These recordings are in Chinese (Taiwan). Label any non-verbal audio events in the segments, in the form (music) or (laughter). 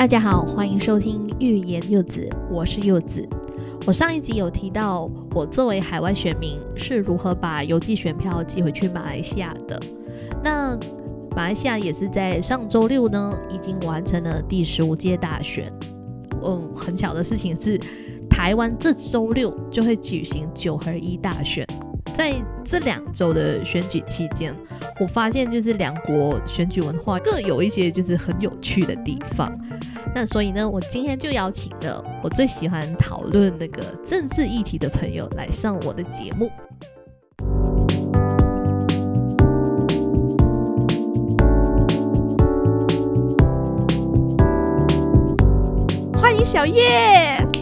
大家好，歡迎收聽《慾言柚子》，我是柚子。我上一集有提到，我作為海外選民是如何把郵寄選票寄回去馬來西亞的。那馬來西亞也是在上周六呢，已經完成了第十五屆大選。嗯，很巧的事情是，台灣這周六就會舉行九合一大選。在這兩周的選舉期間，我發現就是兩國選舉文化各有一些就是很有趣的地方。那所以呢，我今天就邀請了我最喜歡討論那個政治議題的朋友來上我的節目。歡迎小頁。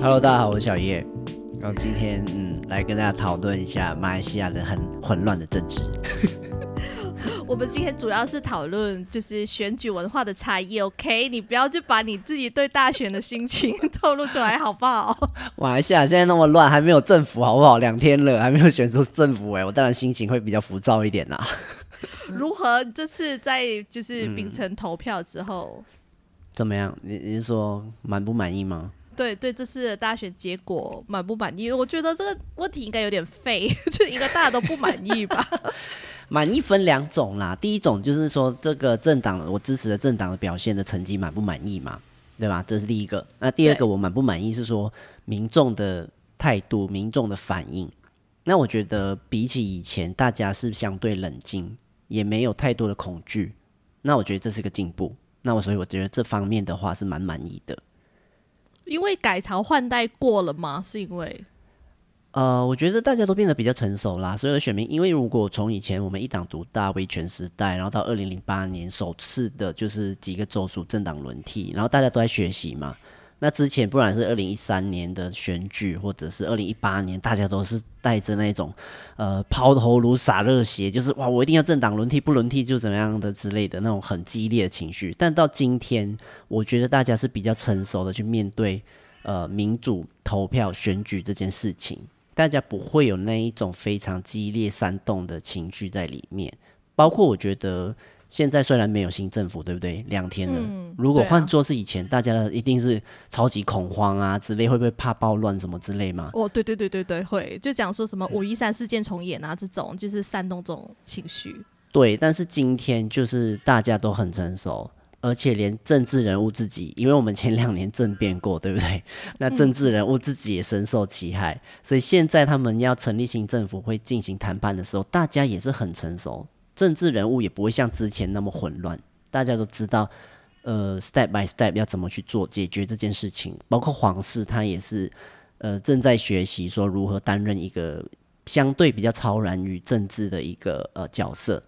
Hello，大家好，我是小頁，然後今天嗯，來跟大家討論一下馬來西亞的很混亂的政治。 (laughs) 我們今天主要是討論就是選舉文化的差異，OK？你不要去把你自己對大選的心情 (laughs) 透露出來，好不好？馬來西亞現在那麼亂，還沒有政府，好不好？兩天了還沒有選出政府，哎，我當然心情會比較浮躁一點啦。如何這次在就是檳城投票之後，嗯，怎麼樣？你您說滿不滿意嗎？對對，這次的大選結果滿不滿意？我覺得這個問題應該有點廢， (laughs) 就應該大家都不滿意吧。 (laughs) 滿意分兩種啦，第一種就是說這個政黨，我支持的政黨的表現的成績滿不滿意嘛，對吧？這是第一個。那第二個我滿不滿意是說民眾的態度、民眾的反應。那我覺得比起以前，大家是相對冷靜，也沒有太多的恐懼。那我覺得這是個進步。那我所以我覺得這方面的話是蠻滿意的。因為改朝換代過了嗎？是因為。呃，我覺得大家都變得比較成熟啦。所有的選民，因為如果從以前我們一黨獨大、威權時代，然後到二零零八年首次的就是幾個州屬政黨輪替，然後大家都在學習嘛。那之前不然是二零一三年的選舉，或者是二零一八年，大家都是帶着那一種呃拋頭顱灑熱血，就是哇我一定要政黨輪替，不輪替就怎麼樣的之類的那種很激烈的情緒。但到今天，我覺得大家是比較成熟的去面對呃民主投票選舉這件事情。大家不會有那一種非常激烈煽動的情緒在裡面，包括我覺得現在雖然沒有新政府，對不對？兩天了，嗯、如果換做是以前、嗯啊，大家一定是超級恐慌啊之類，會不會怕暴亂什麼之類嗎？哦，對對對對對，會就講說什麼五一三事件重演啊，這種、嗯、就是煽動這種情緒。對，但是今天就是大家都很成熟。而且連政治人物自己，因為我們前兩年政變過，對不對？那政治人物自己也深受其害，嗯、所以現在他們要成立新政府，會進行談判的時候，大家也是很成熟，政治人物也不會像之前那麼混亂。大家都知道，呃，step by step 要怎麼去做解決這件事情，包括皇室他也是，呃，正在學習說如何擔任一個相對比較超然於政治的一個呃角色。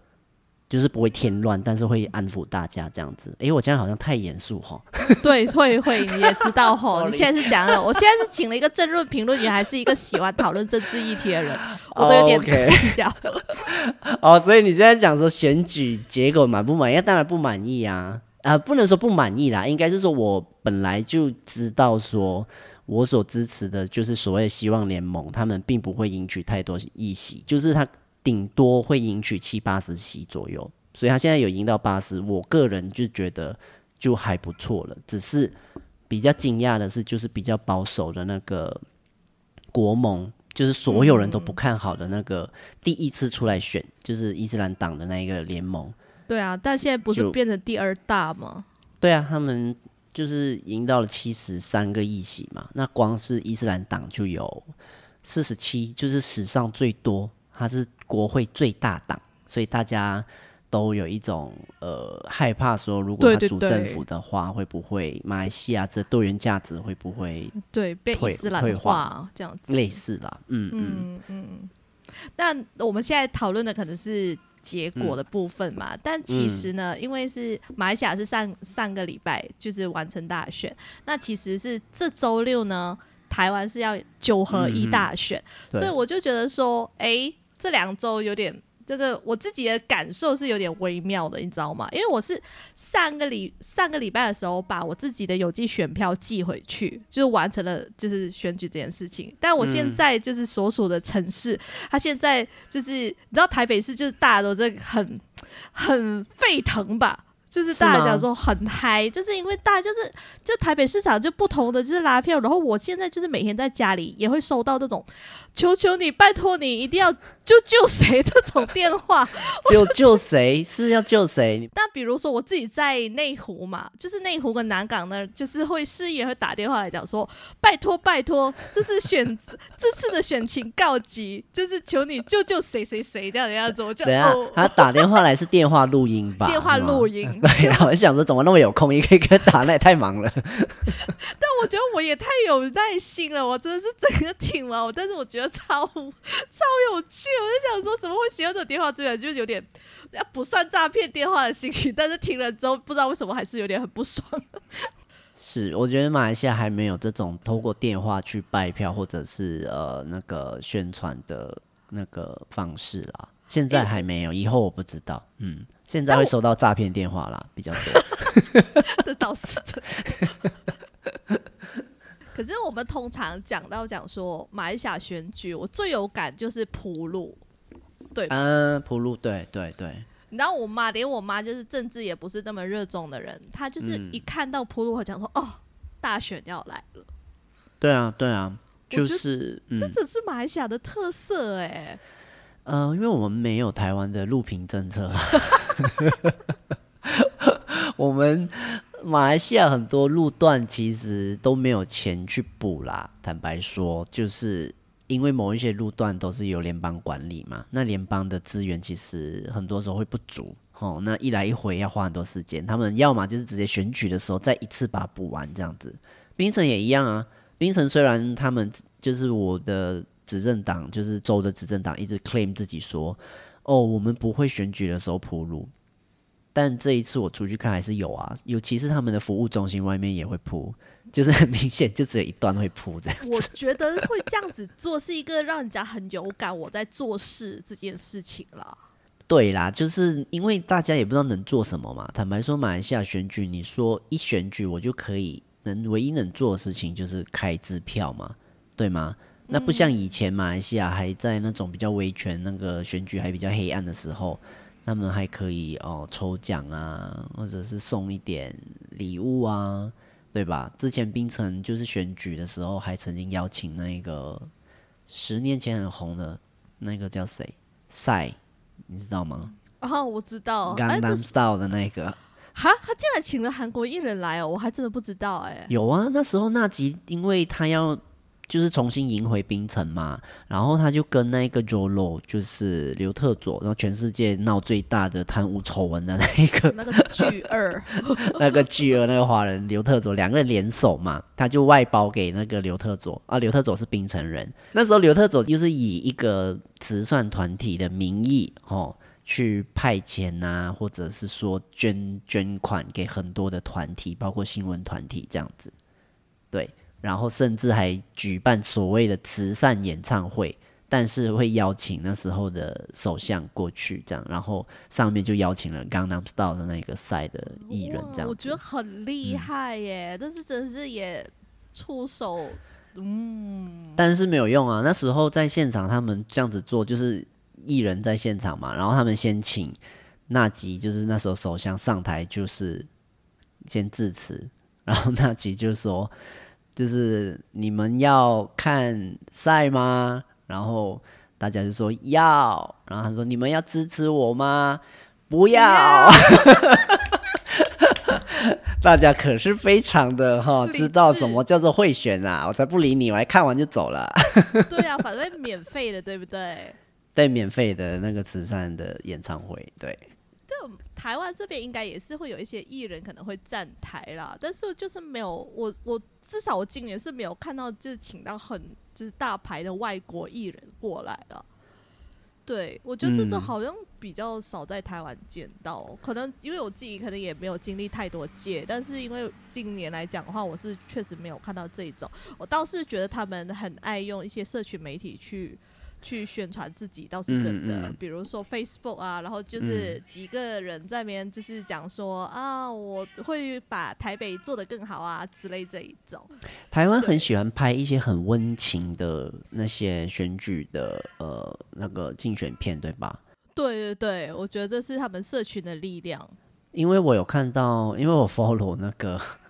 就是不會添亂，但是會安撫大家這樣子。哎、欸，我這樣好像太嚴肅哈？對， (laughs) 會會你也知道哈， (laughs) 你現在是講了， (laughs) 我現在是請了一個政論評論員， (laughs) 還是一個喜歡討論政治議題的人，我都有點低調了。哦、oh, okay.， (laughs) oh, 所以你現在講說選舉結果滿不滿意？當然不滿意啊！啊、呃，不能說不滿意啦，應該是說我本來就知道，說我所支持的就是所謂希望聯盟，他們並不會贏取太多議席，就是他。頂多會贏取七八十席左右，所以他現在有贏到八十，我個人就覺得就還不錯了。只是比較驚訝的是，就是比較保守的那個國盟，就是所有人都不看好的那個第一次出來選，就是伊斯蘭黨的那一個聯盟。對啊，但現在不是變成第二大嗎？對啊，他們就是贏到了七十三個議席嘛。那光是伊斯蘭黨就有四十七，就是史上最多。他是國會最大黨，所以大家都有一種呃害怕說，如果他組政府的話，對對對，會不會馬來西亞這多元價值會不會退對伊斯蘭化、退化這樣子類似的？嗯嗯嗯，嗯。那我們現在討論的可能是結果的部分嘛、嗯，但其實呢，因為是馬來西亞是上上個禮拜就是完成大選，嗯、那其實是這周六呢，台灣是要九合一大選，嗯嗯，所以我就覺得說，哎、欸。這兩週有點，就是我自己的感受是有點微妙的，你知道嗎？因為我是上個禮上個禮拜的時候把我自己的郵寄選票寄回去，就是完成了就是選舉這件事情。但我現在就是所屬的城市，他、嗯、現在就是你知道台北市就是大家都在很很沸騰吧，就是大家說很嗨，就是因為大就是就台北市長就不同的就是拉票，然後我現在就是每天在家裡也會收到這種。求求你，拜託你一定要救救誰這種電話， (laughs) 救救誰是要救誰？ (laughs) 但比如說我自己在內湖嘛，就是內湖跟南港呢，就是會市議員，會打電話來講說，拜託拜託，這次選 (laughs) 這次的選情告急，就是求你救救誰誰誰這樣的樣子。我就然後、啊哦、他打電話來是電話錄音吧？ (laughs) 電話錄音。對、啊，然後我想着怎麼那麼有空一個一個打，那也太忙了。 (laughs) (laughs) 但我覺得我也太有耐心了，我真的是整個挺忙。但是我覺得。超超有趣！我就想說，怎麼會寫歡這種電話追人？就是有點，要不算詐騙電話的心情，但是聽了之後，不知道為什麼還是有點很不爽。是，我覺得馬來西亞還沒有這種透過電話去拜票或者是呃那個宣傳的那個方式啦，現在還沒有、欸，以後我不知道。嗯，現在會收到詐騙電話啦，比較多。 (laughs) (laughs) 這倒是的。 (laughs) (laughs) 可是我們通常講到講說馬來西亞選舉，我最有感就是鋪路、嗯，對，嗯，鋪路，對對對。你知道我媽，連我媽就是政治也不是那麼熱衷的人，她就是一看到鋪路，會、嗯、講說：“哦，大選要來了。”對啊，對啊，就是、就是嗯，這只是馬來西亞的特色哎、欸。嗯、呃，因為我們沒有台灣的路平政策， (laughs) (laughs) 我們。馬來西亞很多路段其實都沒有錢去補啦。坦白說，就是因為某一些路段都是由聯邦管理嘛，那聯邦的資源其實很多時候會不足。哦，那一來一回要花很多時間，他們要麼就是直接選舉的時候再一次把它補完這樣子。檳城也一樣啊，檳城雖然他們就是我的執政黨，就是州的執政黨一直 claim 自己說，哦，我們不會選舉的時候鋪路。但這一次我出去看還是有啊，尤其是他們的服務中心外面也會鋪，就是很明顯就只有一段會鋪這樣子 (laughs) 我覺得會這樣子做是一個讓人家很有感我在做事這件事情啦。對啦，就是因為大家也不知道能做什麼嘛。坦白說，馬來西亞選舉，你說一選舉我就可以能唯一能做的事情就是開支票嘛，對嗎？那不像以前馬來西亞還在那種比較維權那個選舉還比較黑暗的時候。他們還可以哦，抽獎啊，或者是送一點禮物啊，對吧？之前檳城就是選舉的時候，還曾經邀請那個十年前很紅的那個叫誰？賽，你知道嗎？哦，我知道，Gangnam Style 的那個。哈，他竟然請了韓國藝人來哦，我還真的不知道哎、欸。有啊，那時候納吉，因為他要。就是重新贏回檳城嘛，然後他就跟那個 Jho Low 就是劉特佐，然後全世界鬧最大的貪污醜聞的那一個、那個、 (laughs) 那個巨二，那個巨二那個華人 (laughs) 劉特佐，兩個人聯手嘛，他就外包給那個劉特佐啊，劉特佐是檳城人，那時候劉特佐就是以一個慈善團體的名義哦去派錢啊，或者是說捐捐款給很多的團體，包括新聞團體這樣子，對。然後甚至還舉辦所謂的慈善演唱會，但是會邀請那時候的首相過去，這樣，然後上面就邀請了剛剛 u s t 的那個賽的藝人，這樣，我覺得很厲害耶、嗯，但是真是也出手，嗯，但是沒有用啊。那時候在現場，他們這樣子做，就是藝人在現場嘛，然後他們先請納吉，就是那時候首相上台，就是先致辭，然後那吉就說。就是你們要看賽嗎？然後大家就說要。然後他說：“你們要支持我嗎？”不要。不要 (laughs) (laughs) 大家可是非常的哈、哦，知道什麼叫做會選啊。我才不理你，我看完就走了。 (laughs) 對啊，反正免費的，對不對？對，免費的那個慈善的演唱會，對。對，台灣這邊應該也是會有一些藝人可能會站台啦，但是就是沒有我我。我至少我今年是沒有看到，就是請到很就是大牌的外國藝人過來了。對，我覺得這次好像比較少在台灣見到，嗯、可能因為我自己可能也沒有經歷太多屆，但是因為今年來講的話，我是確實沒有看到這一種。我倒是覺得他們很愛用一些社群媒體去。去宣傳自己倒是真的，嗯嗯，比如說 Facebook 啊，然後就是幾個人在邊就是講說，嗯、啊，我會把台北做得更好啊之類這一種。台灣很喜歡拍一些很溫情的那些選舉的呃那個競選片，對吧？對對對，我覺得這是他們社群的力量。因為我有看到，因為我 follow 那個。 (laughs)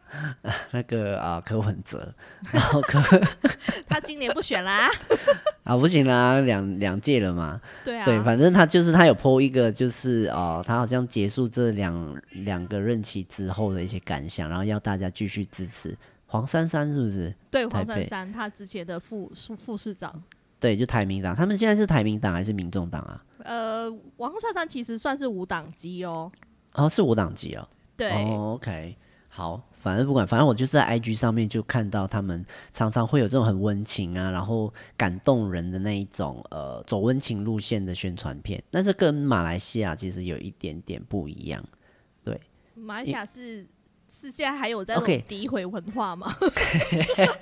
啊、那個啊，柯文哲，然後柯， (laughs) 他今年不選啦 (laughs) ，啊，不行啦，兩兩屆了嘛。對啊，對，反正他就是他有 po 一個，就是哦，他好像結束這兩兩個任期之後的一些感想，然後要大家繼續支持黃珊珊，是不是？對，黃珊珊，他之前的副副市長，對，就台民黨，他們現在是台民黨還是民眾黨啊？呃，王珊珊其實算是無黨籍哦，哦，是無黨籍哦，對，哦，OK，好。反正不管，反正我就是在 IG 上面就看到他們常常會有這種很溫情啊，然後感動人的那一種呃，走溫情路線的宣傳片。但是跟馬來西亞其實有一點點不一樣，對。馬來西亞是是現在還有在詆毀文化嗎？Okay. Okay.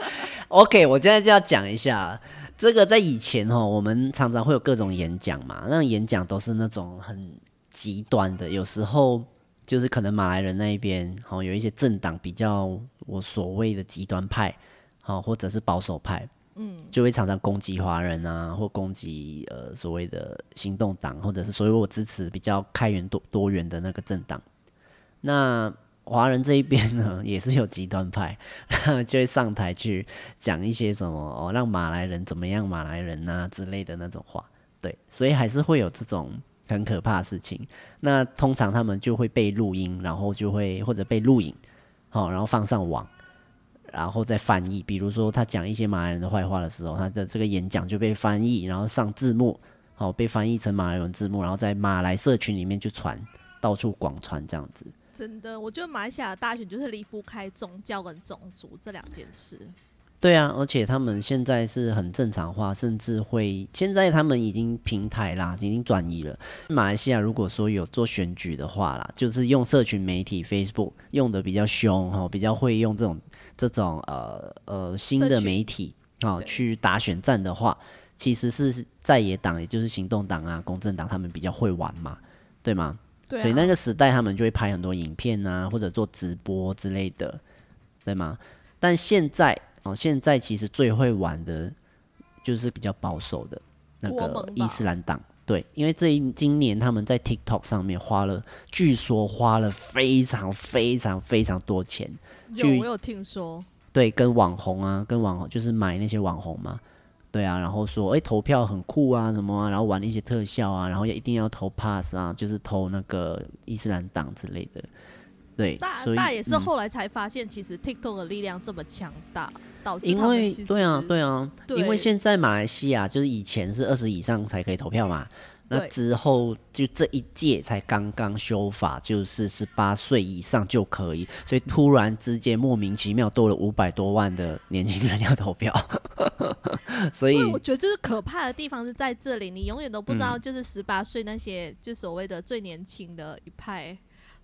OK，我現在就要講一下這個。在以前哈，我們常常會有各種演講嘛，那種演講都是那種很極端的，有時候。就是可能馬來人那一邊，好、哦、有一些政黨比較我所謂的極端派，好、哦、或者是保守派，嗯，就會常常攻擊華人啊，或攻擊呃所謂的行動黨，或者是所謂我支持比較開源多多元的那個政黨。那華人這一邊呢，也是有極端派， (laughs) (laughs) 就會上台去講一些什麼哦，讓馬來人怎麼樣，馬來人啊之類的那種話。對，所以還是會有這種。很可怕的事情，那通常他們就會被錄音，然後就會或者被錄影，好、哦，然後放上網，然後再翻譯。比如說他講一些馬來人的壞話的時候，他的這個演講就被翻譯，然後上字幕，好、哦，被翻譯成馬來文字幕，然後在馬來社群裡面就傳，到處廣傳這樣子。真的，我覺得馬來西亞的大選就是離不開宗教跟種族這兩件事。對啊，而且他們現在是很正常化，甚至會現在他們已經平台啦，已經轉移了。馬來西亞如果說有做選舉的話啦，就是用社群媒體 Facebook 用得比較凶哈、哦，比較會用這種這種呃呃新的媒體啊、哦、去打選戰的話，其實是在野黨，也就是行動黨啊、公正黨他們比較會玩嘛，對嗎？對、啊。所以那個時代他們就會拍很多影片啊，或者做直播之類的，對嗎？但現在。現在其實最會玩的，就是比較保守的那個伊斯蘭黨，對，因為這一今年他們在 TikTok 上面花了，據說花了非常非常非常多錢，就我有聽說，對，跟網紅啊，跟網紅就是買那些網紅嘛，對啊，然後說哎、欸、投票很酷啊什麼啊，然後玩一些特效啊，然後也一定要投 Pass 啊，就是投那個伊斯蘭黨之類的，對，那也是後來才發現，其實 TikTok 的力量這麼強大。因為對啊，對啊、對，因為現在馬來西亞就是以前是二十以上才可以投票嘛，那之後就這一屆才剛剛修法，就是十八歲以上就可以，所以突然之間莫名其妙多了五百多萬的年輕人要投票， (laughs) 所以我覺得就是可怕的地方是在這裡，你永遠都不知道就是十八歲那些就所謂的最年輕的一派。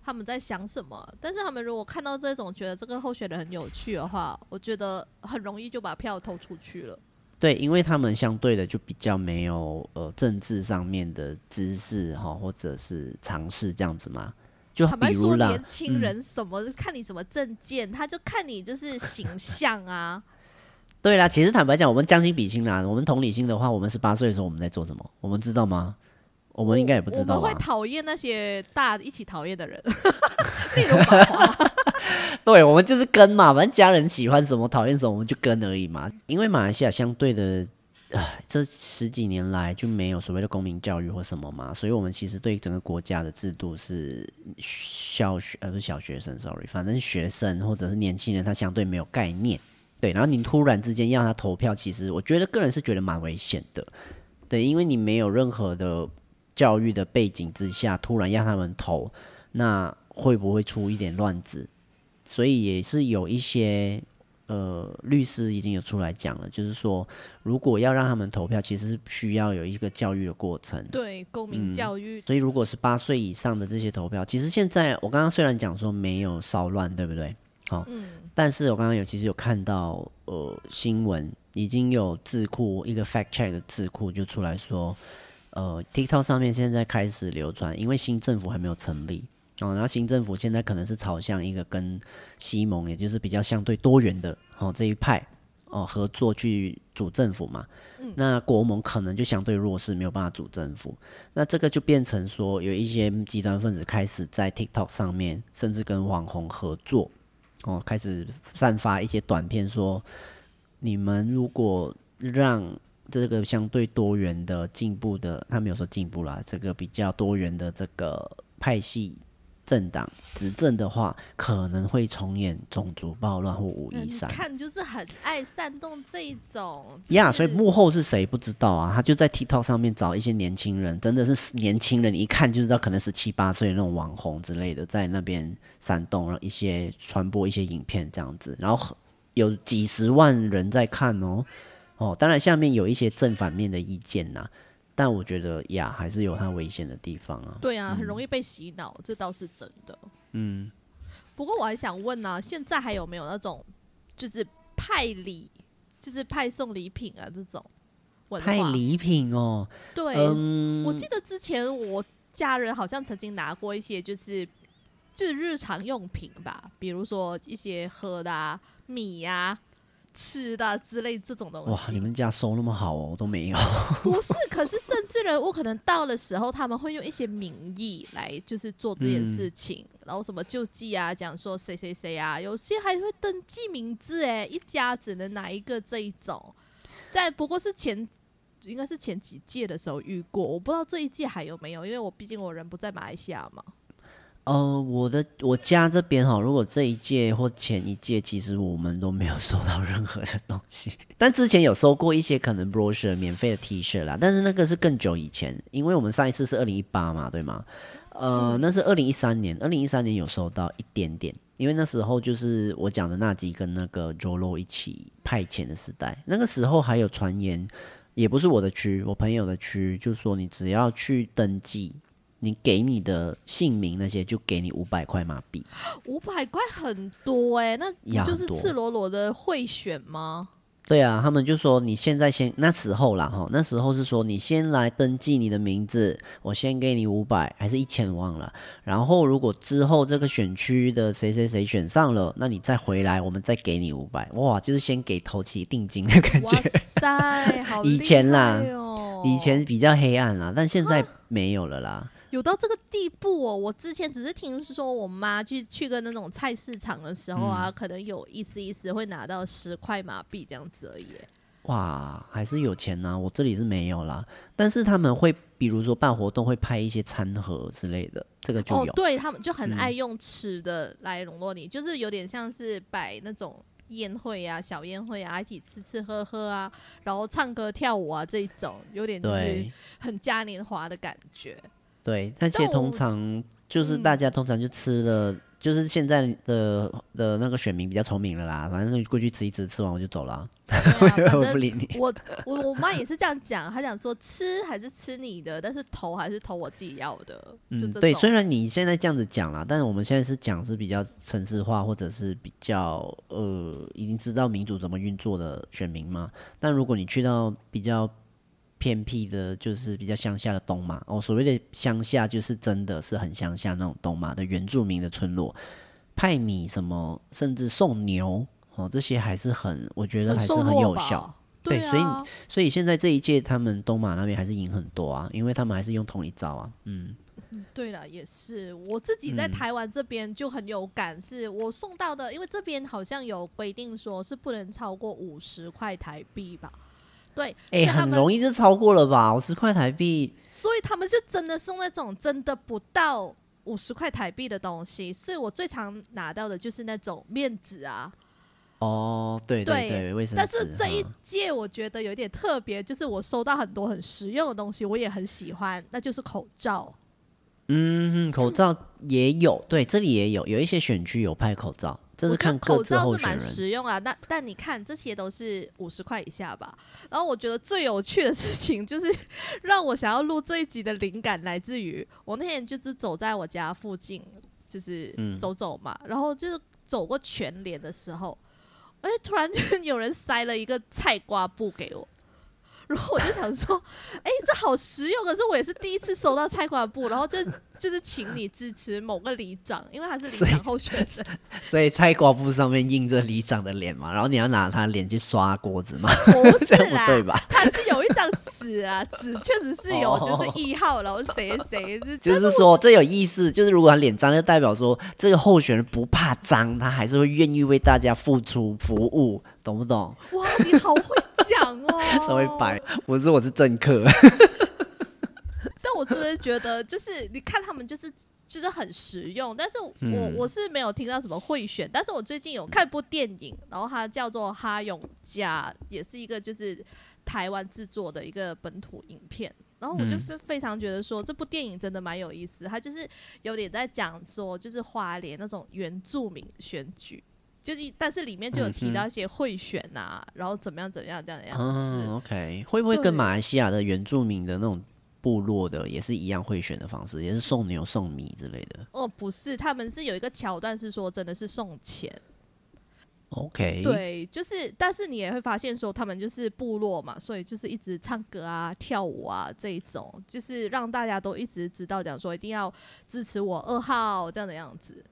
他們在想什麼？但是他們如果看到這種，覺得這個候選人很有趣的話，我覺得很容易就把票投出去了。對，因為他們相對的就比較沒有呃政治上面的知識哈，或者是常識這樣子嘛。就比如坦白說，年輕人什麼、嗯、看你什麼政見，他就看你就是形象啊。 (laughs) 對啦，其實坦白講，我們將心比心啦，我們同理心的話，我們十八歲的時候我們在做什麼，我們知道嗎？我們應該也不知道。我我們會討厭那些大家一起討厭的人。 (laughs) 那種把 (laughs) 對，我們就是跟嘛，反正家人喜歡什麼，討厭什麼，我們就跟而已嘛。因為馬來西亞相對的，這十幾年來就沒有所謂的公民教育或什麼嘛，所以，我們其實對整個國家的制度是小學，呃，不是小學生，sorry，反正學生或者是年輕人，他相對沒有概念。對，然後你突然之間要他投票，其實我覺得個人是覺得蠻危險的。對，因為你沒有任何的。教育的背景之下，突然讓他們投，那會不會出一點亂子？所以也是有一些呃律師已經有出來講了，就是說如果要讓他們投票，其實需要有一個教育的過程。對，公民教育。嗯、所以如果是18歲以上的這些投票，其實現在我剛剛雖然講說沒有騷亂，對不對？好、哦嗯，但是我剛剛有其實有看到呃新聞，已經有智庫一個 fact check 的智庫就出來說。呃，TikTok 上面現在開始流傳，因為新政府還沒有成立哦，然後新政府現在可能是朝向一個跟希盟，也就是比較相對多元的哦這一派哦合作去組政府嘛，嗯，那國盟可能就相對弱勢，沒有辦法組政府，那這個就變成說有一些極端分子開始在 TikTok 上面，甚至跟網紅合作哦，開始散發一些短片說，你們如果讓。這個相對多元的進步的，他沒有說進步啦，這個比較多元的這個派系政黨執政的話，可能會重演種族暴亂或五一三。看就是很愛煽動這一種，呀、就是，yeah, 所以幕後是誰不知道啊？他就在 TikTok 上面找一些年輕人，真的是年輕人，一看就知道，可能十七八歲那種網紅之類的，在那邊煽動，然後一些傳播一些影片這樣子，然後有幾十萬人在看哦。哦，當然，下面有一些正反面的意見吶、啊，但我覺得呀，還是有它危險的地方啊。對啊，很容易被洗腦、嗯，這倒是真的。嗯，不過我還想問呢、啊，現在還有沒有那種，就是派禮，就是派送禮品啊這種？派禮品哦，對、嗯，我記得之前我家人好像曾經拿過一些，就是就是日常用品吧，比如說一些喝的、啊、米呀、啊。吃的、啊、之類的這種東西，哇，你們家收那麼好哦，我都沒有。 (laughs) 不是，可是政治人物可能到的時候，他們會用一些名義來就是做這件事情，嗯、然後什麼救濟啊，講說誰誰誰啊，有些還會登記名字，哎，一家只能拿一個這一種。在不過是前，應該是前幾屆的時候遇過，我不知道這一屆還有沒有，因為我畢竟我人不在馬來西亞嘛。呃，我的我家這邊哈，如果這一屆或前一屆，其實我們都沒有收到任何的東西。 (laughs) 但之前有收過一些可能 brochure、免費的 T-shirt 啦，但是那個是更久以前，因為我們上一次是二零一八嘛，對嗎？呃，嗯、那是二零一三年，二零一三年有收到一點點，因為那時候就是我講的納吉跟那個 Jolo 一起派遣的時代，那個時候還有傳言，也不是我的區，我朋友的區，就說你只要去登記。你給你的姓名那些就給你五百塊馬幣，五百塊很多哎、欸，那就是赤裸裸的賄選嗎？對啊，他們就說你現在先那時候啦哈，那時候是說你先來登記你的名字，我先給你五百，還是一千我忘了。然後如果之後這個選區的誰誰誰選上了，那你再回來，我們再給你五百，哇，就是先給頭期定金的感覺哇塞，好、哦。以前啦，以前比較黑暗啦，但現在沒有了啦。啊有到這個地步哦、喔！我之前只是聽說我，我媽去去個那種菜市場的時候啊，嗯、可能有意思意思會拿到十塊馬幣這樣子而已。哇，還是有錢吶、啊，我這裡是沒有啦。但是他們會，比如說辦活動會拍一些餐盒之類的，這個就有。哦、對他們就很愛用吃的來籠絡你、嗯，就是有點像是擺那種宴會啊、小宴會啊，一起吃吃喝喝啊，然後唱歌跳舞啊，這一種有點就是很嘉年華的感覺。對，但其實通常就是大家通常就吃了，嗯、就是現在的的那個選民比較聰明了啦。反正過去吃一吃，吃完我就走了，啊，啊、 (laughs) 我不理你。我我我媽也是這樣講，她講說，吃還是吃你的，但是投還是投我自己要的。嗯，對，雖然你現在這樣子講啦，但是我們現在是講是比較城市化，或者是比較呃已經知道民主怎麼運作的選民嘛。但如果你去到比較偏僻的，就是比較鄉下的東馬哦。所謂的鄉下，就是真的是很鄉下那種東馬的原住民的村落，派米什麼，甚至送牛哦，這些還是很，我覺得還是很有效。對，對、啊，所以所以現在這一屆他們東馬那邊還是贏很多啊，因為他們還是用同一招啊。嗯，對了，也是我自己在台灣這邊就很有感是，是、嗯、我送到的，因為這邊好像有規定說是不能超過五十塊台幣吧。對、欸，很容易就超過了吧？五十塊台幣。所以他們是真的送那種真的不到五十塊台幣的東西，所以我最常拿到的，就是那種面紙啊。哦，對對對，對，衛生紙，但是這一屆我覺得有點特別、嗯，就是我收到很多很實用的東西，我也很喜歡，那就是口罩。嗯哼，口罩也有， (laughs) 對，這裡也有，有一些選區有派口罩，這是看各自候選人。口罩是蠻實用啊，但但你看，這些都是五十塊以下吧。然後我覺得最有趣的事情，就是讓我想要錄這一集的靈感來自於，我那天就是走在我家附近，就是走走嘛，嗯、然後就是走過全聯的時候，哎，突然就有人塞了一個菜瓜布給我。然後我就想說，哎、欸，這好實用。可是我也是第一次收到菜瓜布，然後就是就是請你支持某個里長，因為他是里長候選人，所以菜瓜布上面印着里長的臉嘛，然後你要拿他臉去刷鍋子嘛， (laughs) 這樣不對吧？他張 (laughs) 紙啊，紙確實是有就是 oh, oh, oh. 誰誰是，就是一號，然後誰誰就是說，這有意思，就是如果他臉髒，就代表說這個候選人不怕髒，他還是會願意為大家付出服務，懂不懂？哇，你好會講哦、喔！稍微擺，我是，我是政客。 (laughs) (laughs) 但我真的覺得，就是你看他們，就是就是很實用，但是我、嗯、我是沒有聽到什麼賄選，但是我最近有看一部電影，然後它叫做《哈勇家》，也是一個就是。台灣製作的一個本土影片，然後我就非非常覺得說這部電影真的蠻有意思、嗯，它就是有點在講說就是花蓮那種原住民選舉，就是但是裡面就有提到一些賄選啊、嗯，然後怎麼樣怎麼樣這樣子這樣子。哦、OK，會不會跟馬來西亞的原住民的那種部落的也是一樣賄選的方式，也是送牛送米之類的？哦，不是，他們是有一個橋段是說真的是送錢。OK，對，就是，但是你也會發現說，他們就是部落嘛，所以就是一直唱歌啊、跳舞啊這一種，就是讓大家都一直知道講說，一定要支持我二號這樣的樣子。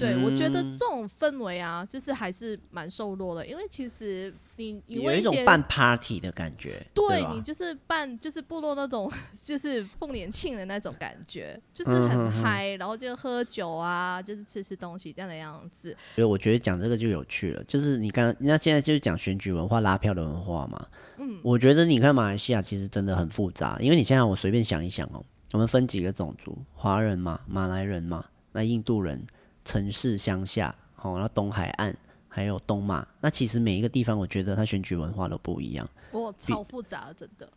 對、嗯，我覺得這種氛圍啊，就是還是蠻瘦弱的，因為其實你有一，有一種辦 party 的感覺，對，對你就是辦就是部落那種就是豐年祭的那種感覺，就是很嗨、嗯，然後就喝酒啊，就是吃吃東西這樣的樣子。所以我覺得講這個就有趣了，就是你剛剛那現在就是講選舉文化、拉票的文化嘛。嗯，我覺得你看馬來西亞其實真的很複雜，因為你現在我隨便想一想哦，我們分幾個種族，華人嘛，馬來人嘛，那印度人。城市、鄉下，好、哦，然後，東海岸還有東馬，那其實每一個地方，我覺得它選舉文化都不一樣。我、哦、超複雜，真的。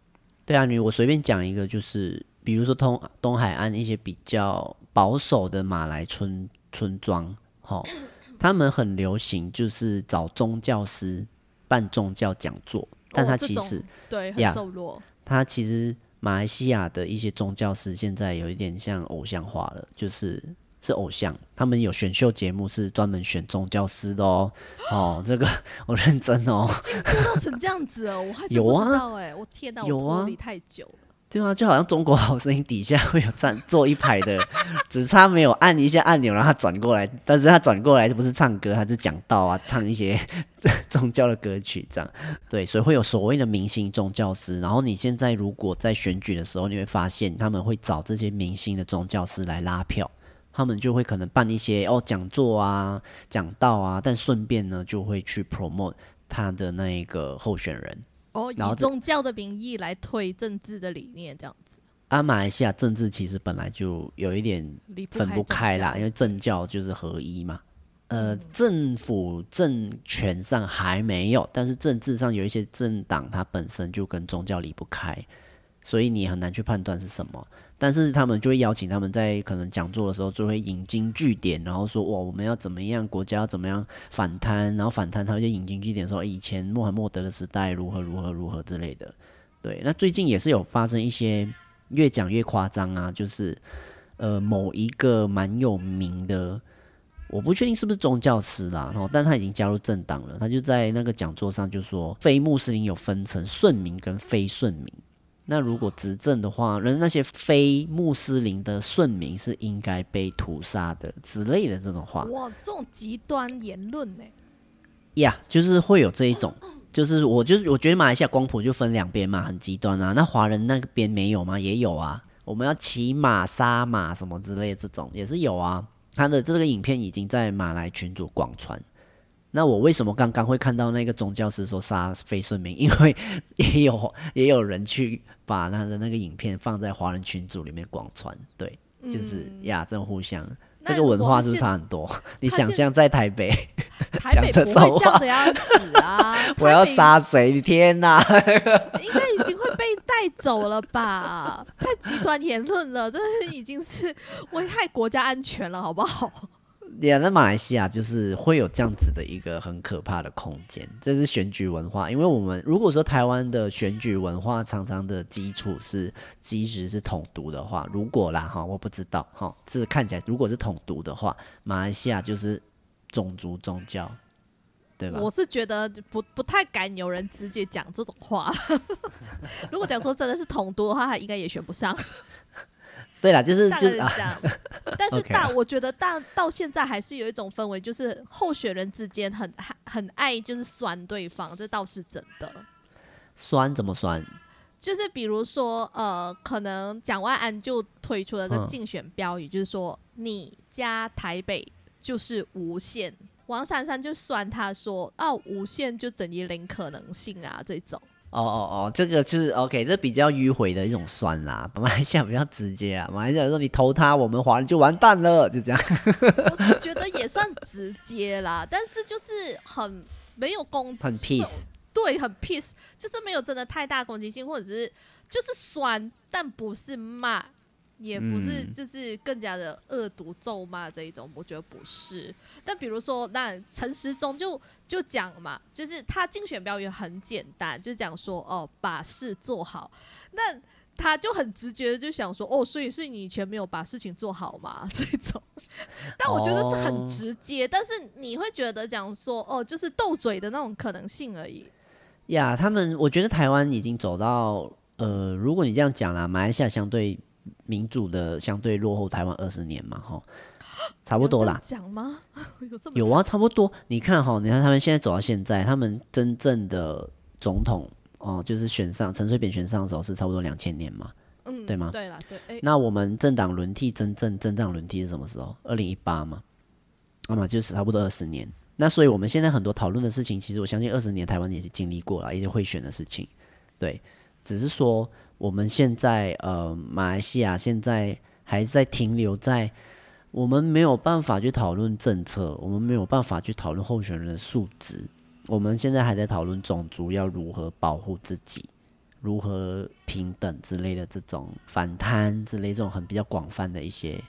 對啊，你我隨便講一個，就是比如說，東東海岸一些比較保守的馬來村村莊，好、哦， (laughs) 他們很流行就是找宗教師辦宗教講座，哦、但他其實對，很瘦弱。他其實馬來西亞的一些宗教師現在有一點像偶像化了，就是。是偶像，他們有選秀節目是專門選宗教師的哦、喔。哦，這個我認真哦、喔。怎麼成這樣子哦。我還有啊，哎，我有啊。我太久了。對啊，就好像中國好聲音底下會有站坐一排的， (laughs) 只差沒有按一下按鈕然後他轉過來，但是他轉過來不是唱歌，他是講道啊，唱一些 (laughs) 宗教的歌曲這樣。對，所以會有所謂的明星宗教師。然後你現在如果在選舉的時候，你會發現他們會找這些明星的宗教師來拉票。他們就會可能辦一些哦講座啊、講道啊，但順便呢就會去 promote 他的那一個候選人哦，以宗教的名義來推政治的理念這樣子。啊，馬來西亞政治其實本來就有一點分不開啦，開，因為政教就是合一嘛。呃、嗯，政府政權上還沒有，但是政治上有一些政黨，它本身就跟宗教離不開。所以你很難去判斷是什麼，但是他們就會邀請他們在可能講座的時候就會引經據典，然後說哇，我們要怎麼樣，國家要怎麼樣反貪，然後反貪他們就引經據典說以前穆罕默德的時代如何如何如何之類的。對，那最近也是有發生一些越講越誇張啊，就是呃某一個蠻有名的，我不確定是不是宗教師啦，然後但他已經加入政黨了，他就在那個講座上就說非穆斯林有分成順民跟非順民。那如果執政的話，人那些非穆斯林的順民是應該被屠殺的之類的這種話，哇，這種極端言論呢？呀，yeah，就是會有這一種，就是我就是我覺得馬來西亞光譜就分兩邊嘛，很極端啊。那華人那邊沒有嗎？也有啊。我們要騎馬殺馬什麼之類的這種也是有啊。他的這個影片已經在馬來群組廣傳。那我為什麼剛剛會看到那個宗教師說殺非順民？因為也有也有人去把他的那個影片放在華人群組裡面廣傳，對，嗯、就是呀，這種互相這個文化是不是差很多？你想象在台北講 (laughs) 這種話？台北不會這樣的樣子啊， (laughs) 我要殺誰？你天哪！應該已經會被帶走了吧？ (laughs) 太極端言論了， (laughs) 這是已經是危害國家安全了，好不好？對呀，yeah，那馬來西亞就是會有這樣子的一個很可怕的空間，這是選舉文化。因為我們如果說台灣的選舉文化常常的基礎是即使是統獨的話，如果啦哈，我不知道哈，這看起來如果是統獨的話，馬來西亞就是種族宗教，對吧？我是覺得不不太敢有人直接講這種話。 (laughs) 如果講說真的是統獨的話，他應該也選不上。對啦，就是就是這樣、啊。但是大， (laughs) 我覺得大 (laughs) 到現在還是有一種氛圍，就是候選人之間很很愛，就是酸對方，這倒是真的。酸怎麼酸？就是比如說，呃，可能蔣萬安就推出了個競選標語、嗯，就是說“你加台北就是無限”。王珊珊就酸他說：“哦、啊，無限就等於零可能性啊！”這種。哦哦哦，這個就是 OK，這比較迂回的一種酸啦、啊。馬來西亞比較直接啊，馬來西亞說你投他，我們華人就完蛋了，就這樣。 (laughs) 我是覺得也算直接啦，但是就是很沒有攻，很 peace，對，很 peace，就是沒有真的太大攻擊性，或者是就是酸，但不是罵。也不是，就是更加的惡毒咒罵這一種、嗯，我覺得不是。但比如說，那陳時中就就講嘛，就是他競選標語很簡單，就講說哦，把事做好。那他就很直覺的就想說哦，所以是你以前沒有把事情做好嘛？這種。但我覺得是很直接、哦，但是你會覺得講說哦，就是鬥嘴的那種可能性而已。呀，他們我覺得台灣已經走到呃，如果你這樣講了，馬來西亞相對。民主的相對落後台灣二十年嘛，哈，差不多啦。有啊，差不多。你看哈，你看他們現在走到現在，他們真正的總統哦、呃，就是選上陳水扁選上的時候是差不多兩千年嘛，嗯，對嗎？對了，對。那我們政黨輪替，真正，正政黨輪替是什麼時候？二零一八嘛，那麼就是差不多二十年。那所以我們現在很多討論的事情，其實我相信二十年台灣也是經歷過了，一些會選的事情，對，只是說。我們現在呃，馬來西亞現在還在停留在，我們沒有辦法去討論政策，我們沒有辦法去討論候選人的素質，我們現在還在討論種族要如何保護自己，如何平等之類的這種反貪之類這種很比較廣泛的一些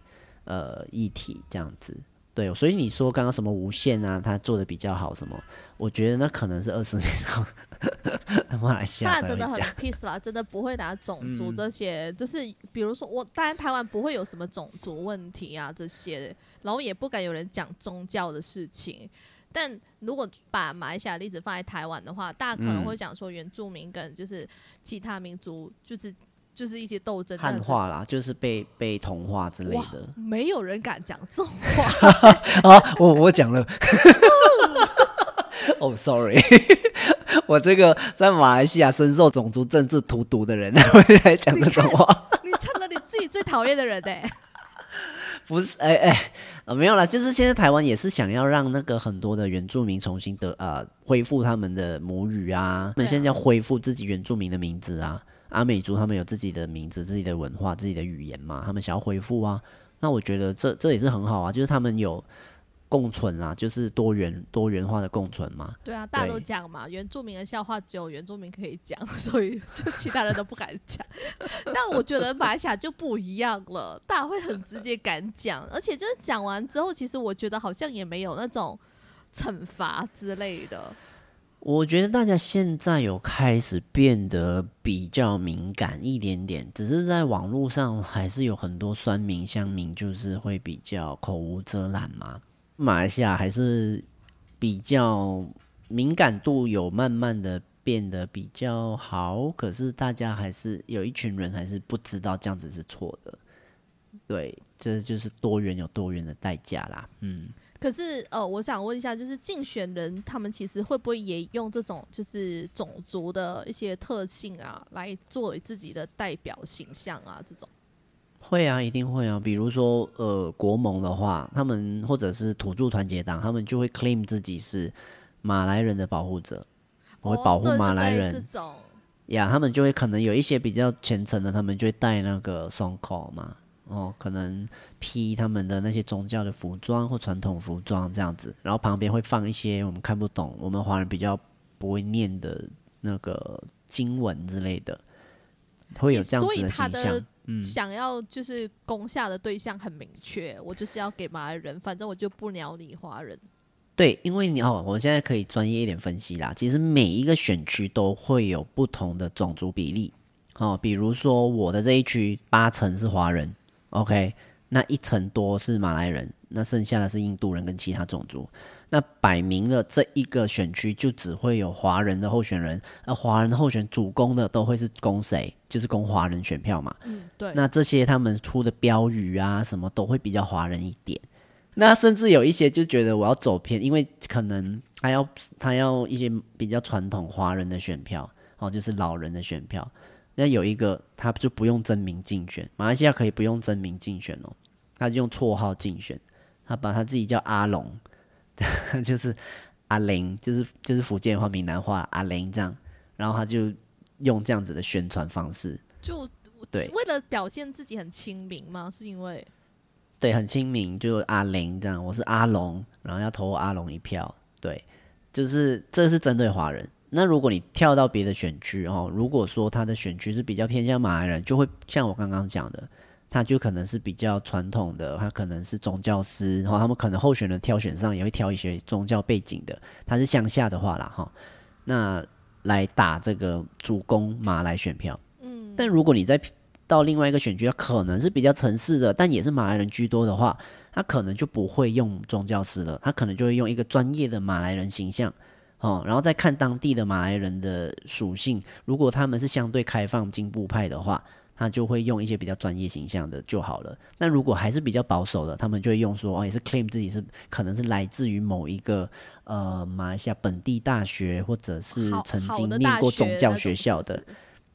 呃議題，這樣子。對，所以你說剛剛什麼無限啊，他做的比較好什麼，我覺得那可能是二十年後。大 (laughs) 家真的很 peace (laughs) 啦，真的不會打種族這些，嗯，就是比如說我，當然台灣不會有什麼種族問題啊這些，然後也不敢有人講宗教的事情。但如果把馬來西亞的例子放在台灣的話，大家可能會講說原住民跟就是其他民族就是就是一些鬥爭，嗯、漢化啦，就是被被同化之類的，沒有人敢講這種話、 (laughs) 啊、我我講了，哦、 (laughs) Oh. Oh，sorry。 (laughs) 我這個在馬來西亞深受種族政治荼毒的人，才會來講這種話你，你成了你自己最討厭的人呢？不是，哎哎啊，沒有啦。就是現在台灣也是想要讓那個很多的原住民重新得呃恢復他們的母語啊，那、啊、現在要恢復自己原住民的名字啊，阿美族他們有自己的名字、自己的文化、自己的語言嘛，他們想要恢復啊，那我覺得這這也是很好啊，就是他們有。共存啊，就是多元、多元化的共存嘛。對啊，大家都講嘛。原住民的笑話只有原住民可以講，所以就其他人都不敢講。 (laughs) (laughs) 但我覺得馬來西亞就不一樣了，大家會很直接敢講， (laughs) 而且就是講完之後，其實我覺得好像也沒有那種懲罰之類的。我覺得大家現在有開始變得比較敏感一點點，只是在網絡上還是有很多酸民、鄉民，就是會比較口無遮攔嘛。馬來西亞還是比較敏感度有慢慢的變得比較好，可是大家還是有一群人還是不知道這樣子是錯的，對，這就是多元有多元的代價啦，嗯。可是呃，我想問一下，就是競選人他們其實會不會也用這種就是種族的一些特性啊，來做自己的代表形象啊，這種？會啊，一定會啊。比如說，呃，國盟的話，他們或者是土著團結黨，他們就會 claim 自己是馬來人的保護者，哦、會保護馬來人這種。呀、yeah，他們就會可能有一些比較虔誠的，他們就會戴那個 song call 嘛，哦，可能披他們的那些宗教的服裝或傳統服裝這樣子，然後旁邊會放一些我們看不懂，我們華人比較不會念的那個經文之類的。會有這樣子的，所以他的想要就是攻下的對象很明確，嗯，我就是要給馬來人，反正我就不鳥你華人。對，因為你哦，我現在可以專業一點分析啦。其實每一個選區都會有不同的種族比例。哦，比如說我的這一區八成是華人，OK，那一成多是馬來人，那剩下的是印度人跟其他種族。那擺明了，這一個選區就只會有華人的候選人，那華人候選主攻的都會是攻誰？就是攻華人選票嘛。嗯，對。那這些他們出的標語啊，什麼都會比較華人一點。那甚至有一些就覺得我要走偏，因為可能他要他要一些比較傳統華人的選票，哦，就是老人的選票。那有一個他就不用真名競選，馬來西亞可以不用真名競選哦，他就用綽號競選，他把他自己叫阿龍。 (laughs) 就是阿玲，就是就是福建話、閩南話，阿玲這樣。然後他就用這樣子的宣傳方式，就對，是為了表現自己很親民嗎？是因為對，很親民，就阿玲這樣。我是阿龍，然後要投阿龍一票。對，就是這是針對華人。那如果你跳到別的選區哦，如果說他的選區是比較偏向馬來人，就會像我剛剛講的。他就可能是比較傳統的，他可能是宗教師，然後他們可能候選人挑選上也會挑一些宗教背景的。他是鄉下的話啦。哈，那來打這個主攻馬來選票。嗯，但如果你在到另外一個選區，他可能是比較城市的，但也是馬來人居多的話，他可能就不會用宗教師了，他可能就會用一個專業的馬來人形象哦，然後再看當地的馬來人的屬性。如果他們是相對開放進步派的話，他就會用一些比較專業形象的就好了。那如果還是比較保守的，他們就會用說哦，也是 claim 自己是可能是來自於某一個呃馬來西亞本地大學，或者是曾經念過宗教學校的的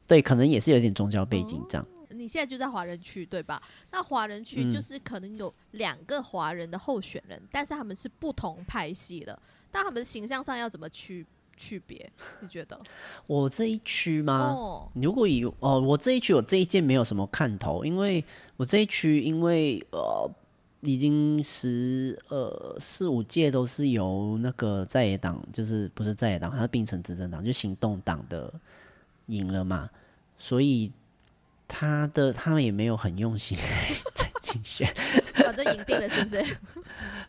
對，可能也是有點宗教背景這樣。嗯，你現在就在華人區對吧？那華人區就是可能有兩個華人的候選人，但是他們是不同派系的，那他們形象上要怎麼去？區別？你覺得我這一區嗎？如果以哦，我這一區，oh. 呃、我這一屆沒有什麼看頭，因為我這一區因為呃已經十呃四五屆都是由那個在野黨，就是不是在野黨，他是檳城執政黨，就行動黨的贏了嘛，所以他的他們也沒有很用心在競選，反正贏定了是不是？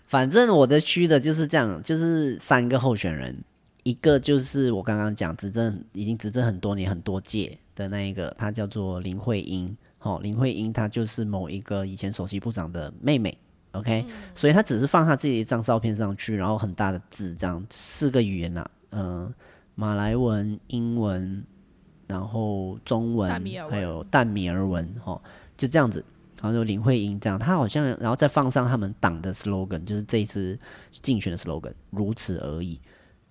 反正我的區的就是這樣，就是三個候選人。一個就是我剛剛講執政已經執政很多年很多屆的那一個，她叫做林慧英。好、哦，林慧英她就是某一個以前首席部長的妹妹。OK，、嗯、所以她只是放她自己一張照片上去，然後很大的字這樣，四個語言啦、啊，嗯、呃，馬來文、英文，然後中文、還有淡米爾文。好、哦，就這樣子，然後就林慧英這樣，她好像然後再放上他們黨的 slogan，就是這一次競選的 slogan，如此而已。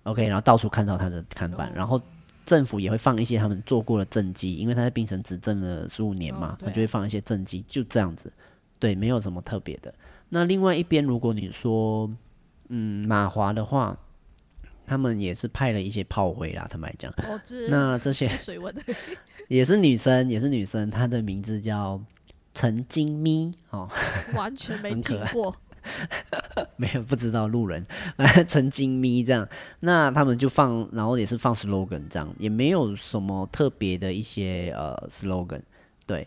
OK，然後到處看到他的看板、嗯，然後政府也會放一些他們做過的政績，因為他在檳城執政了十五年嘛、哦，他就會放一些政績，就這樣子。對，沒有什麼特別的。那另外一邊，如果你說嗯馬華的話，他們也是派了一些炮灰啦，他們來講。哦、這那這些是水文 (laughs) 也是女生，也是女生，她的名字叫陳金咪哦，完全沒聽過。 (laughs) (laughs) 沒有不知道路人，反正成咪這樣，那他們就放，然後也是放 slogan 這樣，也沒有什麼特別的一些呃 slogan，對，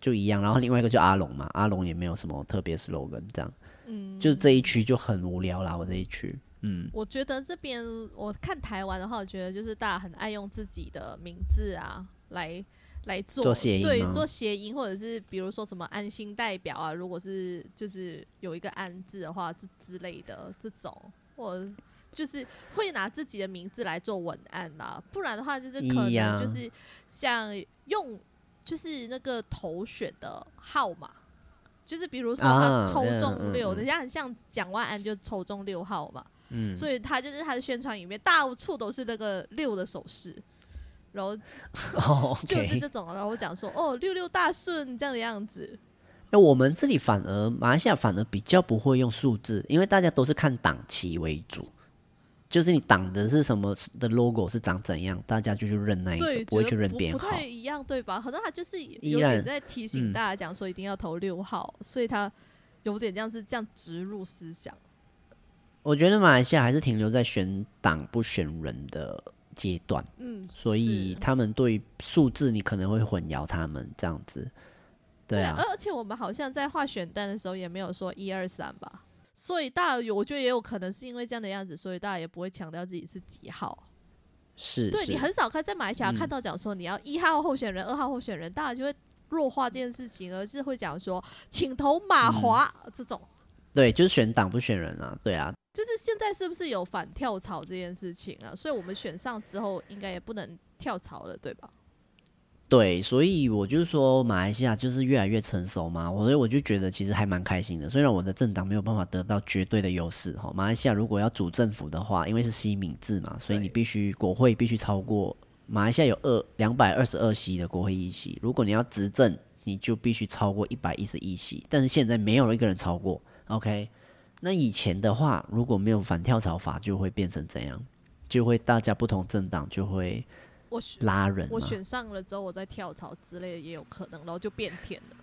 就一樣。然後另外一個就阿龍嘛，阿龍也沒有什麼特別 slogan 這樣，嗯，就這一區就很無聊啦，我這一區，嗯，我覺得這邊我看台灣的話，我覺得就是大家很愛用自己的名字啊來。來做，做對做諧音，或者是比如說什麼安心代表啊，如果是就是有一個安字的話，這之類的這種，或者就是會拿自己的名字來做文案啦、啊，不然的話就是可能就是想用就是那個投選的號碼，就是比如說他抽中六、啊，等下很像蔣萬安就抽中六號嘛、嗯，所以他就是他的宣傳影片到處都是那個六的手勢。然後，哦，就是這種。然後我講說，哦，六六大順這樣的樣子。那、呃、我們這裡反而馬來西亞反而比較不會用數字，因為大家都是看黨旗為主，就是你黨的是什麼的 logo 是長怎樣，大家就去認那一個，不會去認編號，不不太一樣對吧？好像他就是有點在提醒大家講說一定要投六號、嗯，所以他有點這樣子這樣植入思想。我覺得馬來西亞還是停留在選黨不選人的。階段，嗯，所以他們對數字，你可能會混淆，他們這樣子對啊，對啊。而且我們好像在畫選單的時候也沒有說一二三吧，所以大家有，我覺得也有可能是因為這樣的樣子，所以大家也不會強調自己是幾號。是，對是，你很少看在馬來西亞看到講說你要一號候選人、嗯、二號候選人，大家就會弱化這件事情，而是會講說，請投馬華、嗯、這種。對，就是選黨不選人啊，對啊。就是現在是不是有反跳槽這件事情啊？所以我們選上之後應該也不能跳槽了，對吧？對，所以我就是說，馬來西亞就是越來越成熟嘛，我所以我就覺得其實還蠻開心的。雖然我的政黨沒有辦法得到絕對的優勢哈，馬來西亞如果要組政府的話，因為是西敏制嘛，所以你必須國會必須超過馬來西亞有二兩百二十二席的國會議席，如果你要執政，你就必須超過一百一十一席，但是現在沒有一個人超過。OK。那以前的話，如果沒有反跳槽法，就會變成怎樣？就會大家不同政黨就會拉人，我，我選上了之後，我再跳槽之類的也有可能，然後就變天了。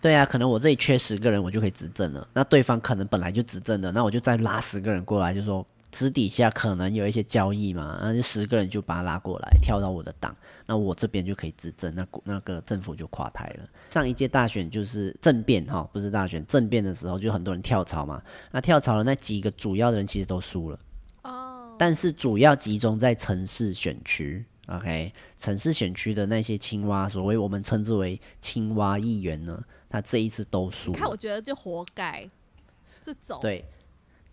對啊，可能我這裡缺十個人，我就可以執政了。那對方可能本來就執政的，那我就再拉十個人過來，就說。私底下可能有一些交易嘛，那就十個人就把他拉過來，跳到我的黨，那我這邊就可以執政，那個、那個政府就垮臺了。上一屆大選就是政變哈，不是大選，政變的時候就很多人跳槽嘛。那跳槽的那幾個主要的人其實都輸了哦，oh. 但是主要集中在城市選區，OK，城市選區的那些青蛙，所謂我們稱之為青蛙議員呢，他這一次都輸。看，我覺得就活該，這種對。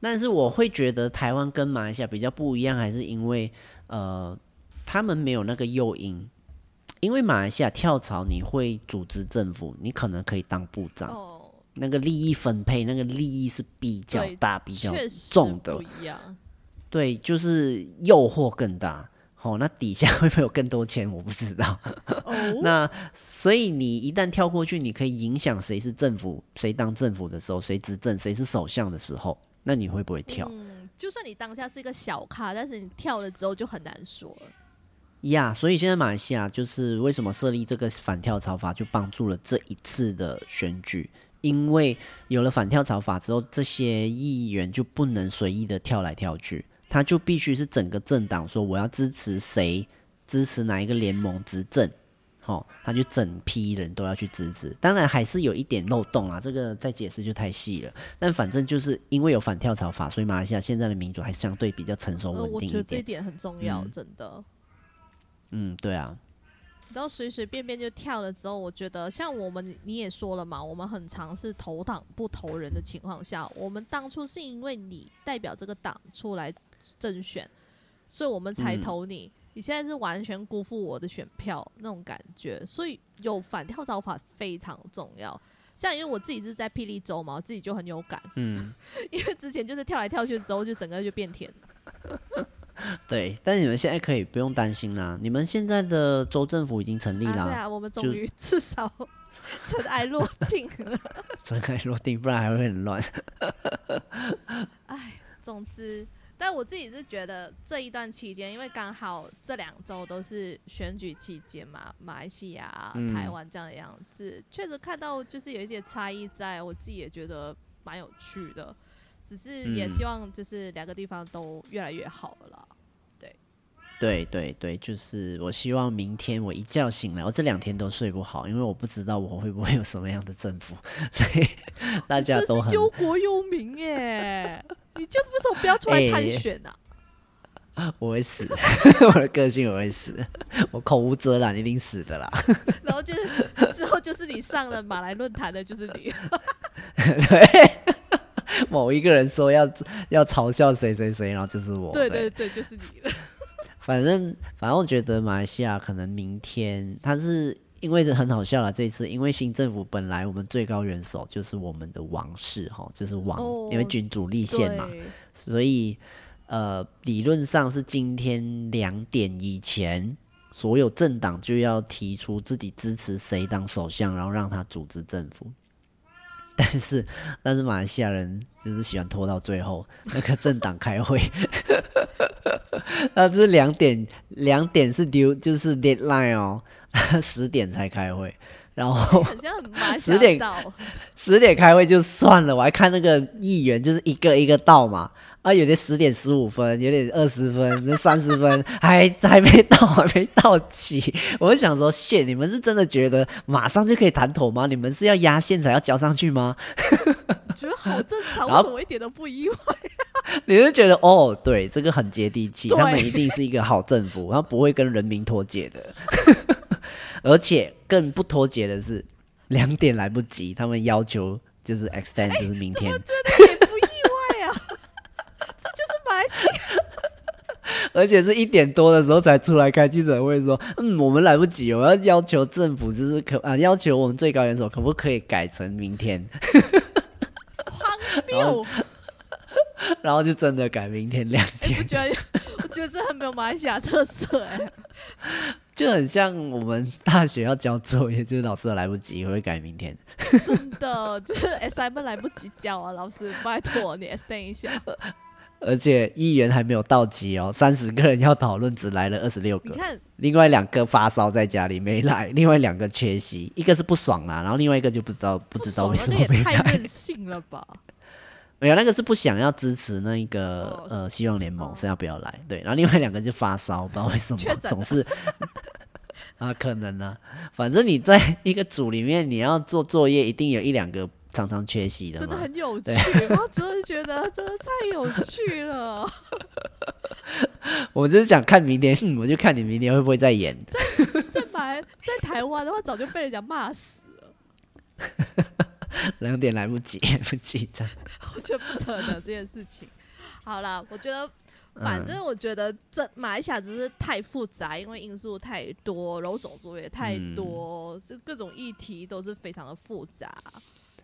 但是我會覺得台灣跟馬來西亞比較不一樣，還是因為呃，他們沒有那個誘因。因為馬來西亞跳槽，你會組織政府，你可能可以當部長、哦，那個利益分配，那個利益是比較大、比較重的。確實。對，就是誘惑更大。好、哦，那底下會不會有更多錢？我不知道。 (laughs) 哦、那所以你一旦跳過去，你可以影響誰是政府，誰當政府的時候，誰執政，誰是首相的時候。那你會不會跳？嗯，就算你當下是一個小咖，但是你跳了之後就很難說了。呀、yeah，所以現在馬來西亞就是為什麼設立這個反跳槽法，就幫助了這一次的選舉，因為有了反跳槽法之後，這些議員就不能隨意的跳來跳去，他就必須是整個政黨說我要支持誰，支持哪一個聯盟執政。哦，他就整批人都要去支持，當然還是有一點漏洞啊。這個再解釋就太細了，但反正就是因為有反跳槽法，所以馬來西亞現在的民主還相對比較成熟穩定一點。我覺得這一點很重要，嗯、真的。嗯，對啊。然後隨隨便便就跳了之後，我覺得像我們你也說了嘛，我們很常是投黨不投人的情況下，我們當初是因為你代表這個黨出來競選，所以我們才投你。嗯你現在是完全辜負我的選票那種感覺，所以有反跳槽法非常重要。像因為我自己是在霹靂州嘛，我自己就很有感。嗯， (laughs) 因為之前就是跳來跳去之後，就整個就變天。 (laughs) 對，但你們現在可以不用擔心啦。你們現在的州政府已經成立了。啊，對啊，我們終於至少塵埃落定了。塵埃落定，不然還會很亂。 (laughs) 哎，總之。但我自己是覺得這一段期間，因為剛好這兩周都是選舉期間嘛，馬來西亞、啊嗯、台灣這樣的樣子，確實看到就是有一些差異。在我自己也覺得蠻有趣的，只是也希望就是兩個地方都越來越好了。對對對，就是我希望明天我一覺醒來，我這兩天都睡不好，因為我不知道我會不會有什麼樣的政府，所以大家都很這是憂國憂民哎！ (laughs) 你就為什麼不要出來參選呢，啊欸？我會死， (laughs) (laughs) 我的個性我會死， (laughs) 我口無遮攔一定死的啦。 (laughs) 然後就是之後就是你上了馬來論壇的，就是你。 (laughs) 對，某一個人說要要嘲笑誰誰誰，然後就是我。對對對，就是你了。反正反正，反正我覺得馬來西亞可能明天，它是因為這很好笑啦。這一次，因為新政府本來我們最高元首就是我們的王室，哈，就是王，哦、因為君主立憲嘛，所以呃，理論上是今天兩點以前，所有政黨就要提出自己支持誰當首相，然後讓他組織政府。但是，但是馬來西亞人就是喜歡拖到最後那個政黨開會，那這兩點兩點是丟，就是 deadline 哦，十點才開會，然後 (laughs) (laughs) 十點 (laughs) 十點開會就算了，我還看那個議員就是一個一個到嘛。啊，有些十點十五分，有點二十分、三十分， (laughs) 還還沒到，還沒到期。我就想說，謝你們是真的覺得馬上就可以談妥嗎？你們是要壓線才要交上去嗎？ (laughs) 覺得好正常，我什麼一點都不意外，啊。你是覺得哦，對，這個很接地氣，他們一定是一個好政府，他不會跟人民脫節的。 (laughs) 而且更不脫節的是，兩點來不及，他們要求就是 extend，就是明天。而且是一點多的時候才出來開記者會說，說嗯，我們來不及，我要要求政府就是可啊，要求我們最高元首可不可以改成明天？荒 (laughs) 謬然後。 (laughs) (laughs) 然後就真的改明天兩天。我、欸、覺得我覺得這很沒有馬來西亞特色哎、欸， (laughs) 就很像我們大學要交作業，就是老師來不及我會改明天。 (laughs) 真的，就是 S M 來不及交啊，老師拜託你 extend 一下。而且議員還沒有到齊哦，三十個人要討論，只來了二十六個。你看，另外兩個發燒在家裡沒來，另外兩個缺席，一個是不爽啦、啊，然後另外一個就不知道不，不知道為什麼沒來。太任性了吧？ (laughs) 沒有，那個是不想要支持那一個、oh. 呃希望聯盟，oh. 所以要不要來。對，然後另外兩個就發燒，oh. 不知道為什麼總是 (laughs) (laughs) 啊，可能呢、啊，反正你在一個組裡面，你要做作業，一定有一兩個。常常缺席的，真的很有趣。我真的覺得真的太有趣了。 (laughs) 我就是想看明年，我就看你明年會不會再演。在在馬來、在台灣的話，早就被人家罵死了。兩 (laughs) 點來不及，不緊我覺得不可能這件事情。好了，我覺得反正我覺得這馬來西亞只是太複雜，因為因素太多，然後種族也太多，嗯、就各種議題都是非常的複雜。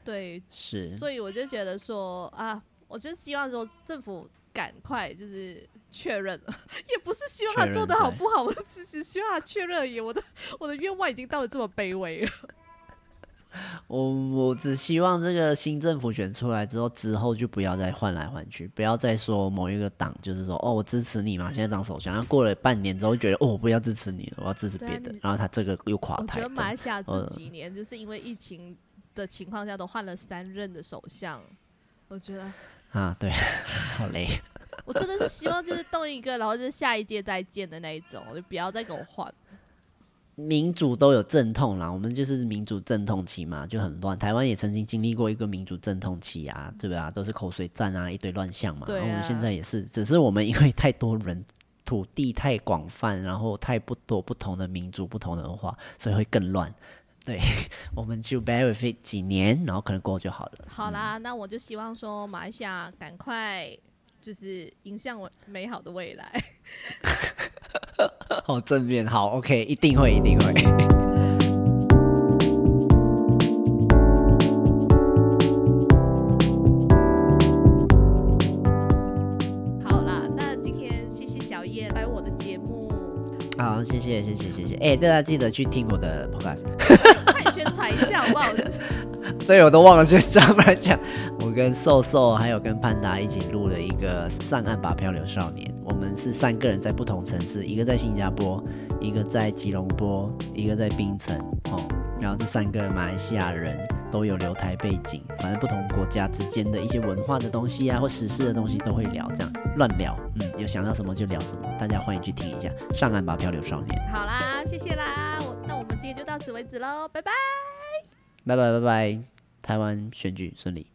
對，是，所以我就覺得說啊，我就希望說政府趕快就是確認了，也不是希望他做得好不好，我只是希望他確認而已。我的我的願望已經到了這麼卑微了。我我只希望這個新政府選出來之後，之後就不要再換來換去，不要再說某一個黨就是說哦，我支持你嘛，現在當首相，然後、嗯、過了半年之後覺得哦，我不要支持你了，我要支持別的，啊、然後他這個又垮台。我覺得馬來西亞這幾年、呃、就是因為疫情。的情況下都換了三任的首相，我覺得啊，對，好累。我真的是希望就是動一個，然後就是下一屆再見的那一種，就不要再給我換。民主都有陣痛啦，我們就是民主陣痛期嘛，就很亂。台灣也曾經經歷過一個民主陣痛期啊，對不對啊？都是口水戰啊，一堆亂象嘛對、啊。然後我們現在也是，只是我們因為太多人，土地太廣泛，然後太不多不同的民族、不同的文化，所以會更亂。對， (laughs) 我們就 bear with it 幾年，然後可能過就好了。好啦，嗯、那我就希望說馬來西亞趕快就是迎向我美好的未來。 (laughs) 好正面，好 OK，一定會，一定會。 (laughs) 謝謝謝謝謝謝，哎、欸，大家記得去聽我的 p o 快宣傳一下好不好？ (laughs) (laughs) (laughs) 對，我都忘了宣傳，來講，我跟瘦瘦還有跟潘達一起錄了一個《上岸把漂流少年》，我們是三個人在不同城市，一個在新加坡，一個在吉隆坡，一個在檳城。哦。然後這三個馬來西亞人都有留台背景，反正不同國家之間的一些文化的東西啊，或時事的東西都會聊，這樣亂聊。嗯，有想到什麼就聊什麼，大家歡迎去聽一下。上岸吧，漂流少年。好啦，謝謝啦。我那我們今天就到此為止嘍，拜拜。拜拜，拜拜，台灣選舉順利。